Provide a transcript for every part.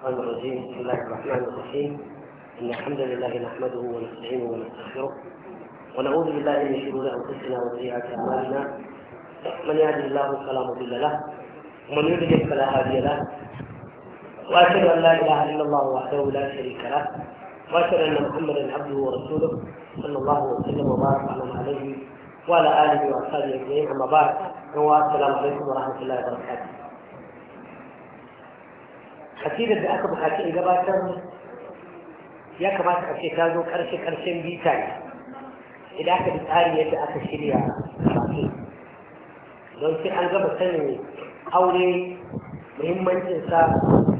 الرحمن الرحيم بسم الله الرحمن الرحيم ان الحمد لله نحمده ونستعينه ونستغفره ونعوذ بالله من شرور انفسنا وسيئات اعمالنا من يهده الله فلا مضل له ومن يضلل فلا هادي له واشهد ان لا اله الا الله وحده لا شريك له واشهد ان محمدا عبده ورسوله صلى الله وسلم وبارك عليه وعلى اله واصحابه اجمعين اما بعد السلام عليكم ورحمه الله وبركاته kasidar da aka bukaci a gabatar ya kamata a ce ta zo karshe karshen bita ne idan aka bi tsari yadda aka shirya karatu don sai an gaba sanin aure muhimmancinsa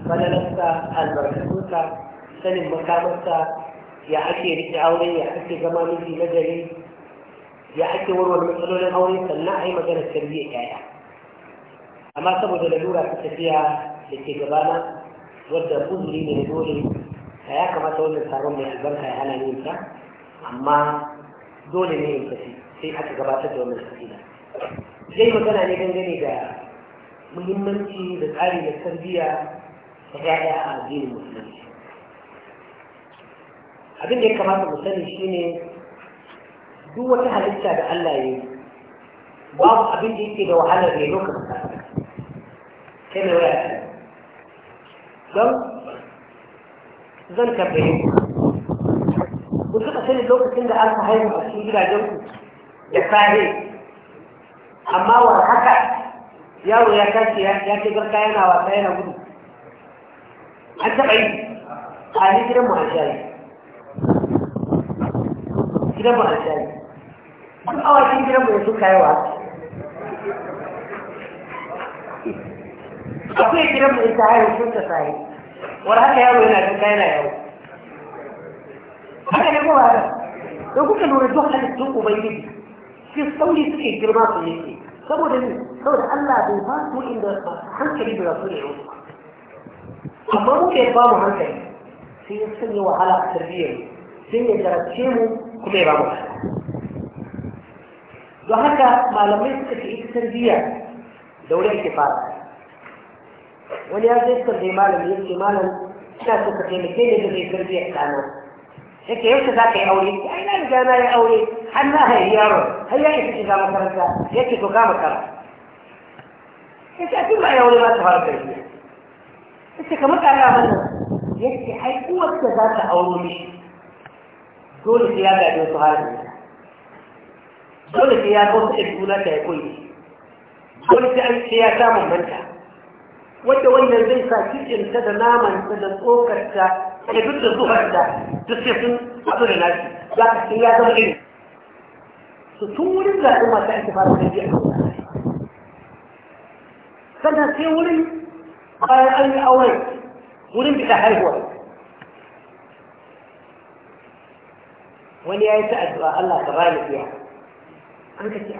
falalarsa albarkatunsa sanin makamarsa ya ake rike aure ya ake zama miji na gari ya ake warware matsalolin aure sannan a yi maganar tarbiyyar yaya amma saboda lalura ta tafiya da ke gabana wadda kuzuri ne dole ka ya kamata wanda taron mai albarka ya hana yin ta amma dole ne yin tafi sai aka gabatar da wannan kasida zai magana ne dangane da muhimmanci da tsari da tarbiyya ta yaya a addinin musulunci abin da ya kamata mu sani shine duk wata halitta da Allah ya yi babu abin da yake da wahalar reno lokacin ta kai mai waya don zan tambaye ku ku suka sani lokacin da aka haihu a cikin gidajenku ku da kare amma wa haka yaro ya tashi ya ce garka yana wasa yana gudu an taɓa yi a ni gidan mu a shayi gidan mu a shayi duk awakin gidan mu ya suka yi wasa كم انت عارف شو انت سعيد وراك يا ابو هناك كان يا ابو هذا يقول هذا يقول كانوا يدوح على السوق وبيجي في الصولة سكين في الماضي نسي سبوا دمي سبوا دمي سبوا دمي سبوا دمي سبوا دمي سبوا دمي ان دمي سبوا دمي سبوا دمي سبوا دمي سبوا دمي سبوا دمي سبوا دمي سبوا دمي سبوا دمي سبوا دمي سبوا دمي سبوا دمي سبوا دمي سبوا دمي سبوا wani ya zai suka zai malam ya ce malam ina so ka taimake ni da zai tarbiyyar ɗana ke yau za ka yi aure ya ina riga na yi aure har na haifi yaro har ya isa shiga makaranta ce to makara Ya ce a cikin ayyawar ba ta fara karfi ce kamar ƙara Ya ce ai ka za ta auro mishi dole sai ya gaje su halin dole sai ya zo su ɗin juna da ya koyi dole sai ya samun manta wadda wannan zai sa cikinta da namanta da tsokarta da duk da zuharta duk sai sun haɗu da nashi za ka ce ya zama iri su tun wurin zaɓen masu ake fara da biya sannan sai wurin bayan an yi auren wurin bisa haihuwa wani ya yi ta addu'a Allah ka bani biya an ka ce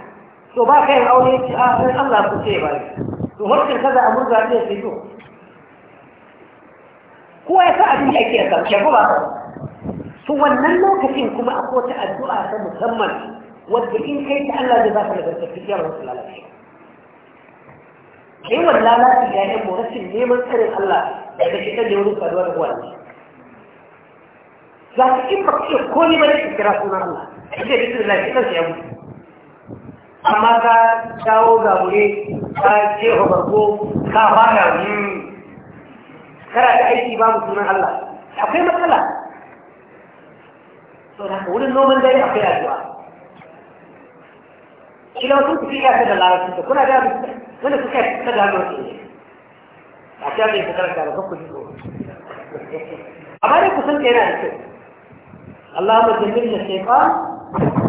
to ba ka yin aure ce a Allah ku ce ba ni to harkar kaza a abun zaɓe ya fito kowa ya sa abin da ake ya samu shafi ba to wannan lokacin kuma akwai kota addu'a ta musamman wadda in kai ta Allah zai ba ka nagartattun yawon wasu lalace kai wa lalata ya yi rashin neman tsarin Allah da ta shi ɗan wurin faruwa da wani za ka in ba ka iya komai ba da kira sunan Allah a ce bisu da lafi kansa ya mutu amma ka dawo ga wuri ka je farko, ka fara kara da aiki babu sunan Allah akwai matsala so da wurin noman dare akwai addu'a kila wasu su iya ta da larabci da kuna da wanda suka kai ta da hannun su a ta bai ta karanta da ko a amma ku kusan ta yana da kyau Allah ma jami'in da shekwa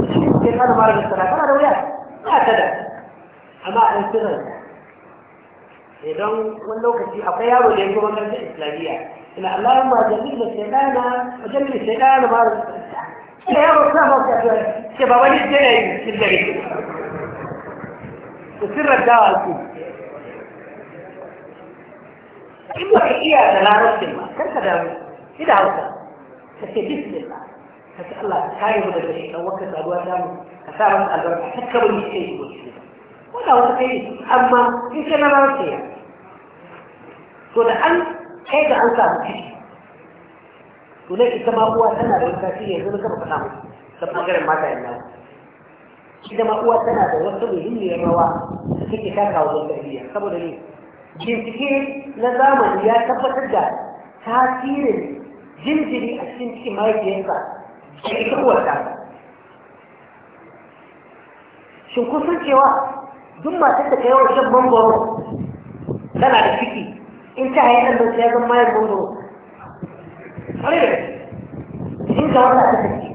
shi ke kana mara da sana da wuya هكذا أما أنسرن إذا wani lokaci akwai yaro da ya zo makarantar islamiyya ina Allahumma jallil shaytana wa jallil shaytana ma da yaro sa ma ka ce baba ni je ne cikin dare to sirrar dawa ku in ba ka iya da larabcin ba kar ka da ida hausa ka ce bismillah ka ce Allah ka yi mu daga shaitan wakka saduwa ta mu أسامة الأربعة حتى كبر يشتري ولا هو أما إن كان ما فيها تقول أن كيف أنت أمشي تقول لك كما هو سنة الأساسية زي ما كنا بنعمل طب ما غير ما كان لنا كما هو سنة وصل لي هني الرواة كيف كاكا وضل بأبيا طب ولا ليه جنتكين نظاما يا كفة الجاد تاثير جنتكين أشتنتكين ما يتيه بقى يعني كيف هو الجاد shin kun san cewa duk matar da ta yawan shan mangoro tana da ciki in ta hayi nan sai ya zama mayar mangoro in ka wata ta ciki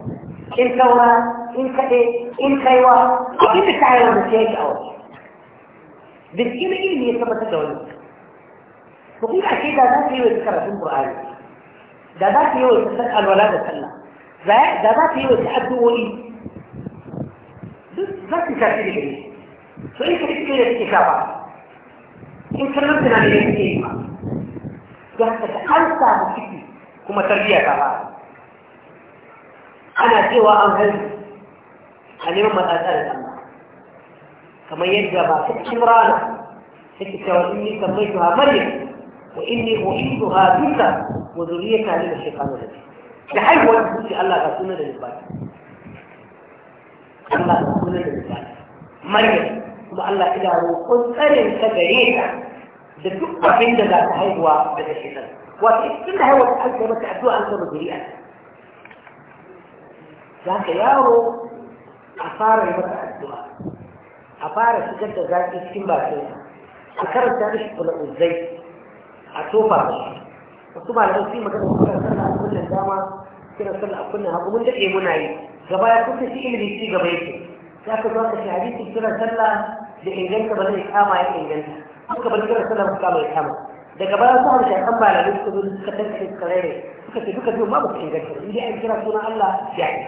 in kaura in kaɗe in kaiwa abin da ta hayi wanda sai ya ki aure da cikin ilimi ya tabbatar da wani ku kuma ake da za ta yi wa karatun Qur'ani da za ta yi wa ta alwala da sallah da za ta yi wa ta addu'o'i لا تكافئ به فليس بإمكانية الكتابة إن كلمتنا من الكلمة جهتك أنت مكتب كما تربية كبار أنا سوى أن هل اليوم الأذان الأمر كما يرجى ما تكتب رانا تكتب وإني سميتها مريم وإني أعيدها بك وذريتها من الشيطان الرجيم لحيث وأن الله رسولنا للباقي Allah da sunan da zuwa Maryam kuma Allah ina roƙon tsarin ka gare ta da duk abin da za ta haihuwa daga shaitan wato tun da haihuwa ta alƙa mata addu'a an gama zuri'a za ka yaro a fara mata addu'a a fara shigar da zafi cikin bakin a karanta da shi kula uzai a tofa da shi wasu malamai sun magana su karanta da dama kiran sallah a kunna hagu mun daɗe muna yi gaba ya kusa shi ilimi ci gaba yake ya ka zo ka shi hadisi kiran sallah da inganta ba zai kama ya inganta suka bar kiran sallah ba kama ya kama daga baya su harshe an ba da suka zo suka tanka suka rere suka ce duka biyu ma ba su inganta in dai an kira sunan Allah ya yi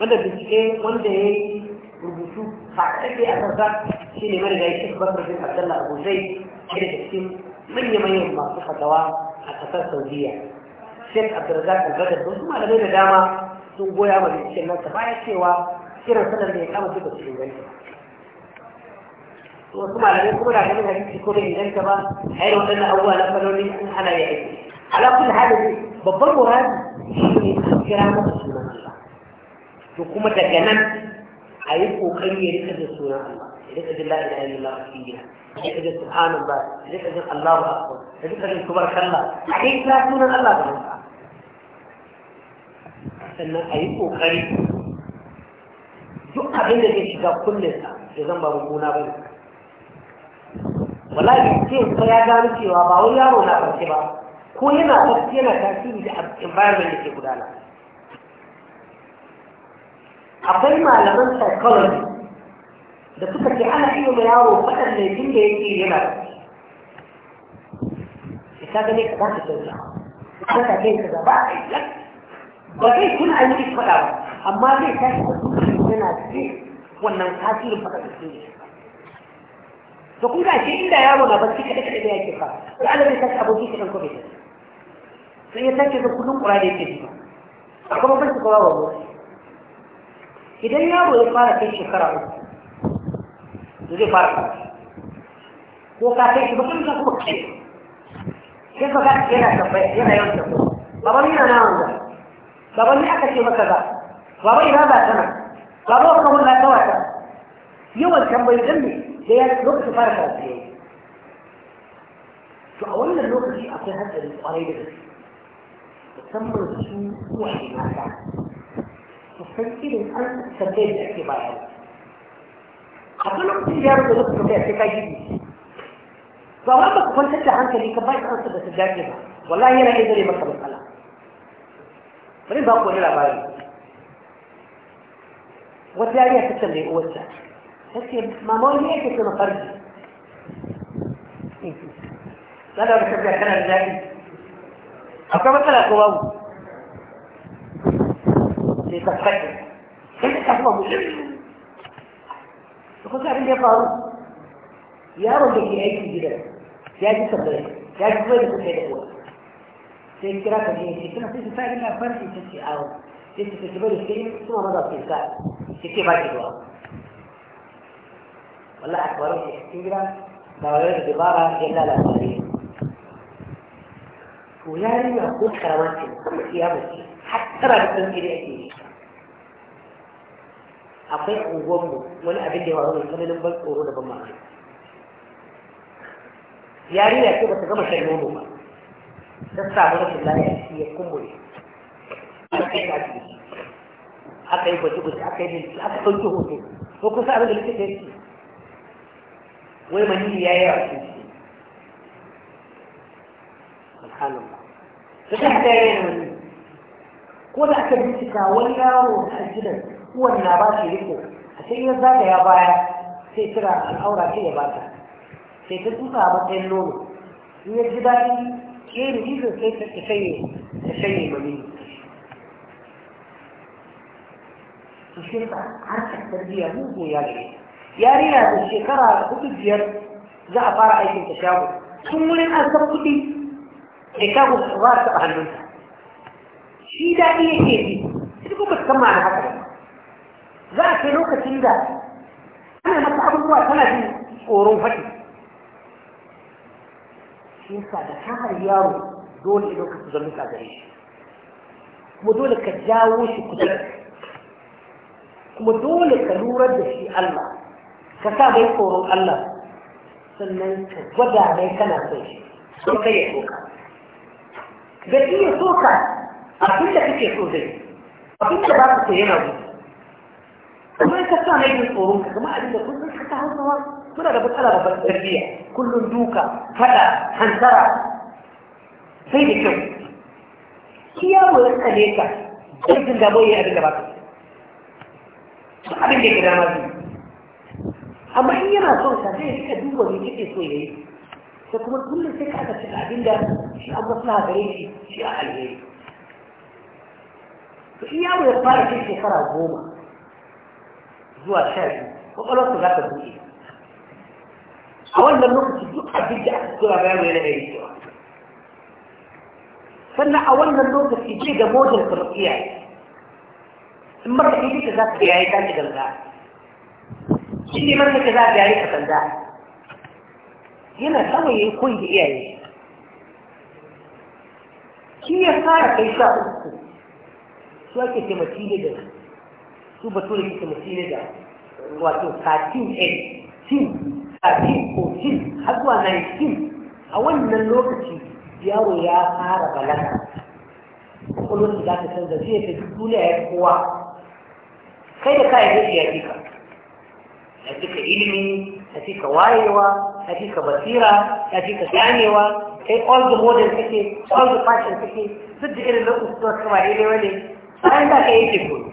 wanda bincike wanda ya yi rubutu faɗaɗe a kansa shi ne marigayi shi bakar bin abdallah abu zai ɗaya da cikin manya-manyan masu fatawa a ƙasar saudiya شيخ عبد الرزاق الغدر بن ما لم يدا ما سو بويا ما يشيل نفسه ما يشيل كيرن سنة اللي كانوا في بس يقولون وكما لم يقول على من هذه كل إنسان كبا حيث أن أول أفلوني أنا يعيد على كل حال ببضل مراد شيء كرامة سنة الله وكما تجنب أيكو خيري رسالة سنة الله رسالة لا إله إلا الله فيها ذكر سبحان الله ذكر الله اكبر ذكر تبارك الله حقيقه لا الله تبارك sannan a yi ƙoƙari duk abin da zai shiga kullinsa, ya zan ba mummuna ba ne wala bi ce ko ya gano cewa ba wani yaro na farce ba ko yana farce yana tasiri da environment da ke gudana akwai malaman psychology da suka ce ana iya mai yaro faɗan laifin da yake yana da Ita gane ka ba ta sauya, ka ta kai ka ba a yi ba zai kuna a yi faɗa ba amma zai tashi da dukkan yana ce wannan tasirin faɗa da su to kun ga shi inda yaro na bacci kaɗe kaɗe da yake fa sai Allah zai tashi aboki kaɗan ko bai sai ya tashi da kullum ƙura da yake ba a kuma ban shiga wawa ba idan yaro ya fara kai shekara uku zai fara ko ka kai shi ba kuma ka kuma kai sai ka ga yana tabbaya yana yawan tabbaya baban yana na wanda baban ni aka ce maka ba baba ina ba tana baba ka mun na kawata yawan tambayi dan ne da ya lokacin fara karatu yayi to a wannan lokaci akwai hatsari kwarai da gaske musamman su uwaye mata su san irin an tambayar da ake bayarwa akwai lokacin da yaro da lokacin da ya ce ka gidi ba wanda ku kwantar da hankali ka ba shi ansa da su dace ba wallahi yana iya zare maka matsala bari ba ku wani labari wata yariya ta tambayi uwarta ta ce mama wani yake ce mafarki na da wata tafiya kana da daɗi akwai matsala ko babu sai ka fadi sai ka kuma mutum da kusa abin da ya faru yaron da ke aiki gidan ya ji tambayi ya ji kuma da kusa da uwa sai kira ka ne ce tana sai su sa ina farki ta ce awo sai su tafi bari sai suna maza su sa ta ce ba ki zuwa wala a kwarar shi cikin gida ba wani da dabara ya lalata ne to yarinya ko karamanci kuma iya mace har tara da ɗan gida ake yi akwai unguwanmu wani abin da ya faru mai tsananin ban tsoro da ban mamaki yarinya ce ba ta gama shan nono ba ta samu rashin lafiya shi ya kumbure aka yi kaji aka yi gwaji-gwaji aka yi bincike aka ɗauki hoto ko kusa abin da likita yake wai mani ya yi rasu shi ba su ta ta yi manini ko da aka bincika wani yaro a gidan uwan na ba shi riko a sai ya baya sai kira al'aura sai ya bata sai ta tuka a matsayin nono in ya ji daɗi يعني جزء كيف تشيء تشيء مني الشيخ عارف التربية مو هو يعني يا ريال الشيخ ترى قلت ديال ذا أفارا أيكم تشاور ثم لن أنسب قلتي إكاب الصغار تأهلون شي دا إيه إيه إيه تبقوا بتسمع عن هذا ذا أفنوك تنزا أنا ما الله ثلاثين ورون shi da ka har yaro dole ido ka zama ka gare shi kuma dole ka jawo shi kusa kuma dole ka lura da shi Allah ka sa mai tsoron Allah sannan ka gwada mai kana son shi sai kai ya soka da shi ya soka abin da kake so zai abin da ba ka yana gudu kuma ka sa mai tsoron ka kuma abin da kun san ka ta hausawa suna da matsala babban tarbiyya kullum duka fada hantara sai da kyau shi yaro ya tsane ka ƙarfin da bai abin da ba ka abin da ya gida ma amma in yana son ka zai rika duba mai kike so ya yi sai kuma kullum sai ka aka cika abin da shi an maslaha gare shi shi a alheri to in yaro ya fara kai shekara goma zuwa sha biyu kwakwalwarsa za ta buɗe a wannan lokaci duk abin da aka tura bayan yana yi rikewa sannan a wannan lokaci ce ga motar ka iyaye in ba ka ɗi ka za ka yayi ka ci ganga shi ne maka ka za ka yayi ka ganga yana samun yin koyi da iyaye shi ya fara kai sha uku su ake taimaki ne da su ba su ne ke taimaki ne da wato 13 a 13 har zuwa 19 a wannan lokaci yaro ya fara balaga kwakwalwarsa za ta canza zai ta duk duniya ya kowa kai da kayan yake ya fika ya fika ilimi ya fika wayewa ya fika basira ya fika ganewa kai all the modern kake all the fashion kake duk da irin lokacin da kama ne, wani bayan da ka yake koyo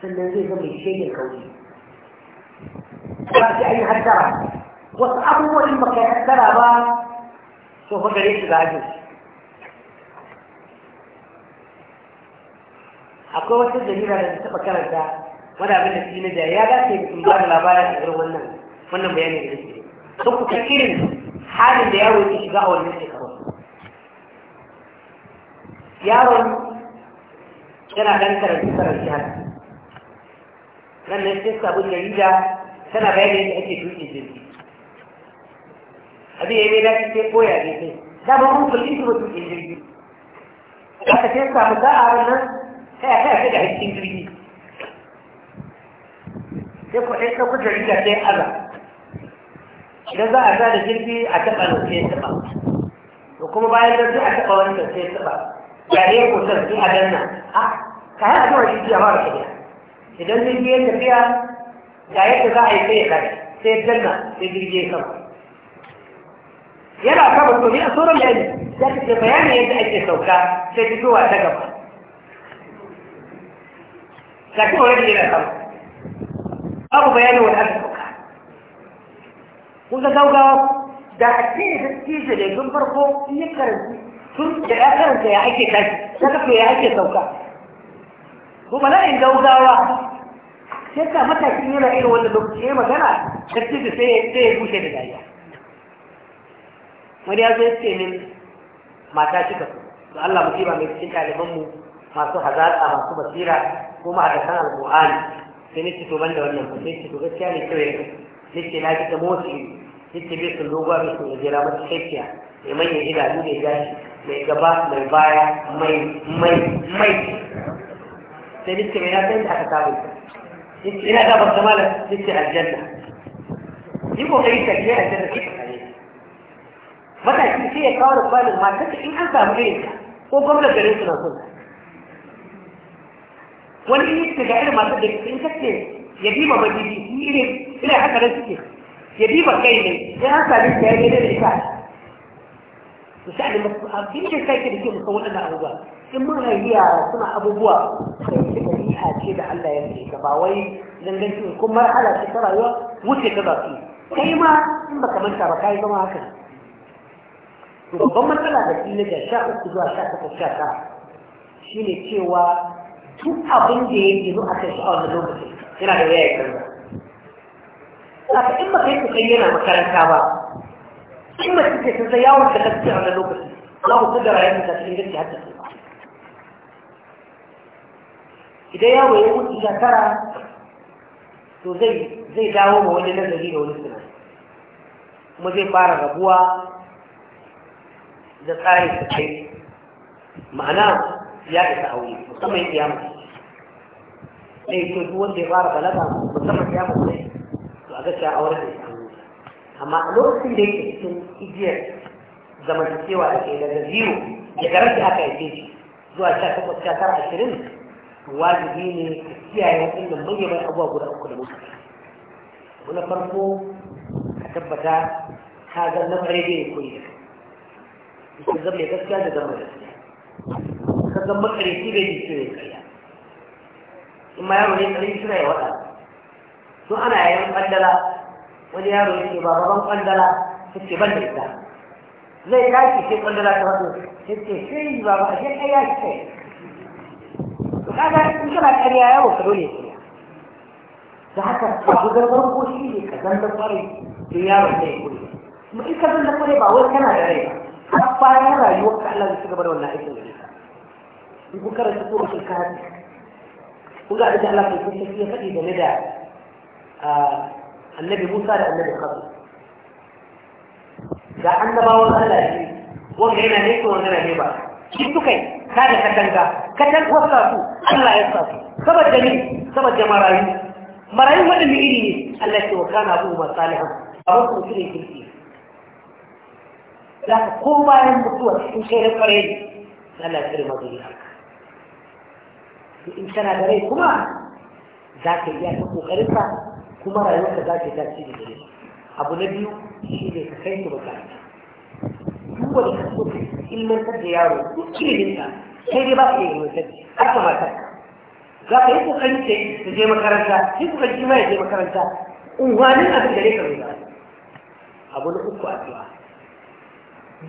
sannan zai zama shegin kauri ba shi ayi hattara wasu abubuwan ba kai hattara ba to fa gare shi za a akwai wata jarira da taɓa karanta wani abin da shi na jari ya dace in ba da labarin a irin wannan wannan bayanin da nake don ku san irin halin da yaro ke shiga a wannan shekaru yaron yana ɗan karanta karanta haka nan ne sai sabon jarida tana bayani yadda ake tuƙin jirgi abin ya yi mai dafi sai koya ne Da ba mun kulli su ba tuƙin jirgi aka sai samu ran nan sai a kai da hakkin jirgi sai ku ɗaya kuka da sai ala idan za a sa da jirgi a taɓa nan sai taɓa to kuma bayan da sai a taɓa da sai taɓa ne ku san sai a danna a ah, ka a kawai jirgi a mara tafiya idan jirgi ya tafiya ga yadda za a yi sai ya kare sai ya danna sai jirgi ya sama yana kama to ne a sauran bayani ya kace bayanin yadda ake sauka sai fitowa ta gaba ga kuma wani yana sama babu bayanin wani aka sauka kun ga gaugawa da a cikin da cikin da tun farko in ya karanta tun da ya karanta ya ake tashi ya kafa ya ake sauka kuma na in gaugawa sai ka matakin yana irin wannan lokaci ya magana dattijo sai sai ya bushe da dariya wani ya zo ya ce min mata cika su? to Allah musiba mai cikin ɗalibanmu masu hazaƙa masu basira ko ma'adakan alƙur'ani sai nake to ban da wannan ku sai to gaskiya ne kawai nake na ji da motsi nake bai sun dogon bai sun gajera masu shaikiya mai manyan idanu da gashi mai gaba mai baya mai mai mai sai nake mai na san da aka saba انت لا ده بس مالك انت على الجنه يبقى في تكليف على الجنه كيف مثلا في في قرار قال ما كنت ان انت امين هو قبل جلوس الرسول وان انت تجعل ما بدك انت كيف يدي ما بدي دي يلي الى حتى لا تكفي يدي ما كاين يا انت اللي كاين اللي كاين وسعد المصطفى آه، في شيء كاين كيف مصور انا اوضاع اما هي يا ابو بوا ɗabi'a ce da Allah ya rike ba wai danganci kun marhala ce ta rayuwa wuce ta zafi kai ma in baka manta ba kai zama haka to babban matsala da kila ga sha uku zuwa sha takwas sha tara shine cewa duk abin da ya gino a kan a wannan lokacin yana da waya ya canza haka in baka yi kusan yana makaranta ba in ba ce ta sai yawon da ta a wannan lokacin za ku ta da rayuwar da ta cikin gaske har ta idan yaro ya wuce shekara to zai zai dawo ma wani nazari da wani suna, kuma zai fara rabuwa da tsarin da kai ma'ana ya isa aure musamman ya mutu ɗaya to duk wanda ya fara balaga musamman ya ne to a gaskiya aure da ya amma a lokacin da yake cikin igiyar zamantakewa da ke daga zero ya garanta aka yi shi zuwa sha takwas sha tara ashirin wajibi ne ka kiyaye waɗannan manyan abubuwa guda uku da muka abu na farko ka tabbata ka ga na fare ya koyi da kai. ka zama gaskiya da zama gaskiya ka zama ƙarfi da yi ce ƙarya in ma yaro ne ƙarfi suna yi waɗa to ana yayin ƙandala wani yaro ya ce ba baban ƙandala ta ce ban da ita zai tashi sai ƙandala ta wato sai ce sai ba ba a shi ƙarya shi kai kaga in kana ƙarya yawo ka dole ya da haka abu garbar ko shi ne ka zanta kwarai tun yaro ta ya kure kuma in ka zanta kwarai ba wai kana da rai ba har bayan rayuwar ka Allah zai ci gaba da wannan aikin da ka in kun karanta ko shi ka haɗi kun ga da Allah ke kusa shi ya faɗi game da annabi Musa da annabi Khadir ga annabawan Allah ne wanda yana ne ko wanda yana ne ba shi suka yi kada ka katan wasa su Allah ya sa su saboda ni saboda marayu marayu wadanne iri ne Allah ya wa na zuwa salihu abu ku shi ne kirki za ka ko bayan mutuwa in sai kwarai ne Allah ya tsere mazuriya in kana da rai kuma za ka iya ta ka kuma rayuwarka za ta ci tasiri da abu na biyu shi ne ka kai su makaranta duk wani kaso ilmantar da yaro duk iliminsa sai dai ba ka iya ilmantar da har ka matar za ka yi kokari ta ta je makaranta sai kokari shi ma ya je makaranta unguwanin abin da ne ka zuwa abu na uku addu'a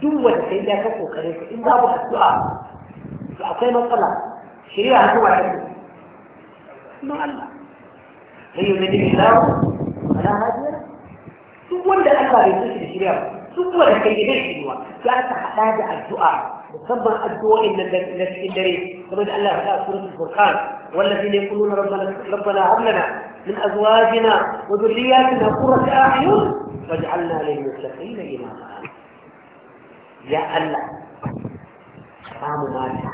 duk wanda sai da ka kokarin ka in babu addu'a to akwai matsala shirya hukuma ta ne kuma Allah sai yau da ne Allah ala hadiya duk wanda aka bai shi da shirya ba saboda kai gidan shiwa za ta haɗa da addu'a musamman addu'o'in nan na cikin dare kamar da Allah ya faɗa suratul furqan والذين يقولون ربنا ربنا هب لنا من ازواجنا وذرياتنا قرة اعين واجعلنا للمتقين اماما يا الله قاموا مالك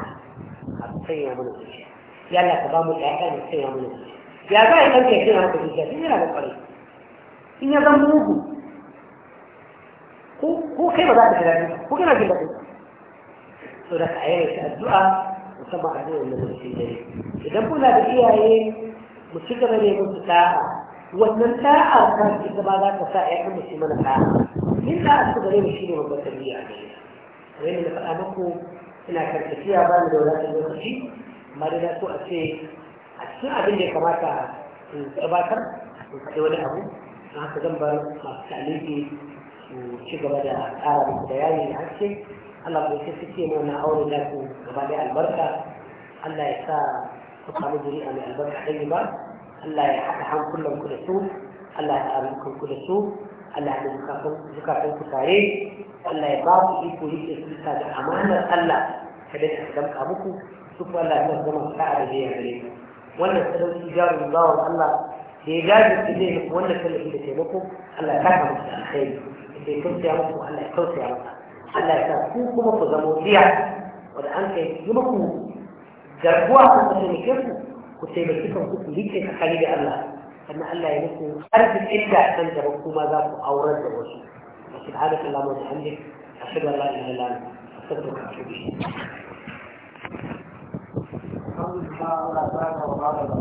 أبقي من الوجه يا الله تقاموا الإعلان أبقي من الوجه يا باي أبقي أبقي من الوجه إني لا بقري إني ضموه هو كيف بعد هذا هو كيف بعد هذا سورة عين الدعاء وسمع عدو من المسجدين إذا قلنا بالإيه هي مسجد من المسجد ونمتاع أرقام إتبادات وسائع المسلمين فعلا من لا أستطيع مشيني ومبتدي عليها وإن نفعانكو إنا كالكسية بان دولات المسجد مارينا تؤسي السنة بني كماكا في الأباكر وكتولها هو هكذا بان تعليقي ci gaba da ƙara muku bayani da haske Allah bai sai suke nuna aure da ku gaba da albarka Allah ya sa ku samu juri'a mai albarka ɗaya ba Allah ya haɗa hankulan ku da su Allah ya haɗa ku da su Allah ya haɗa zukatan ku tare Allah ya ba ku iko rike su da amanar Allah kada ta damka muku su kuma Allah ya zama sa'a da biyan gare ku wannan sadauki jarumin bawan Allah da ya jajirce zai wannan tallafi da taimako Allah ya kasa musu alkhairi ya kauce muku Allah ya kauce maka Allah ya sa ku kuma ku zama biya wanda an kai yi muku garguwa ku ku taimake ku ku taimaki kan ku rike ka kare da Allah sannan Allah ya muku arzikin da san da ku ma za ku aurar da wasu سبحانك اللهم وبحمدك أشهد أن لا إله إلا أنت أستغفرك وأتوب إليك الحمد لله رب العالمين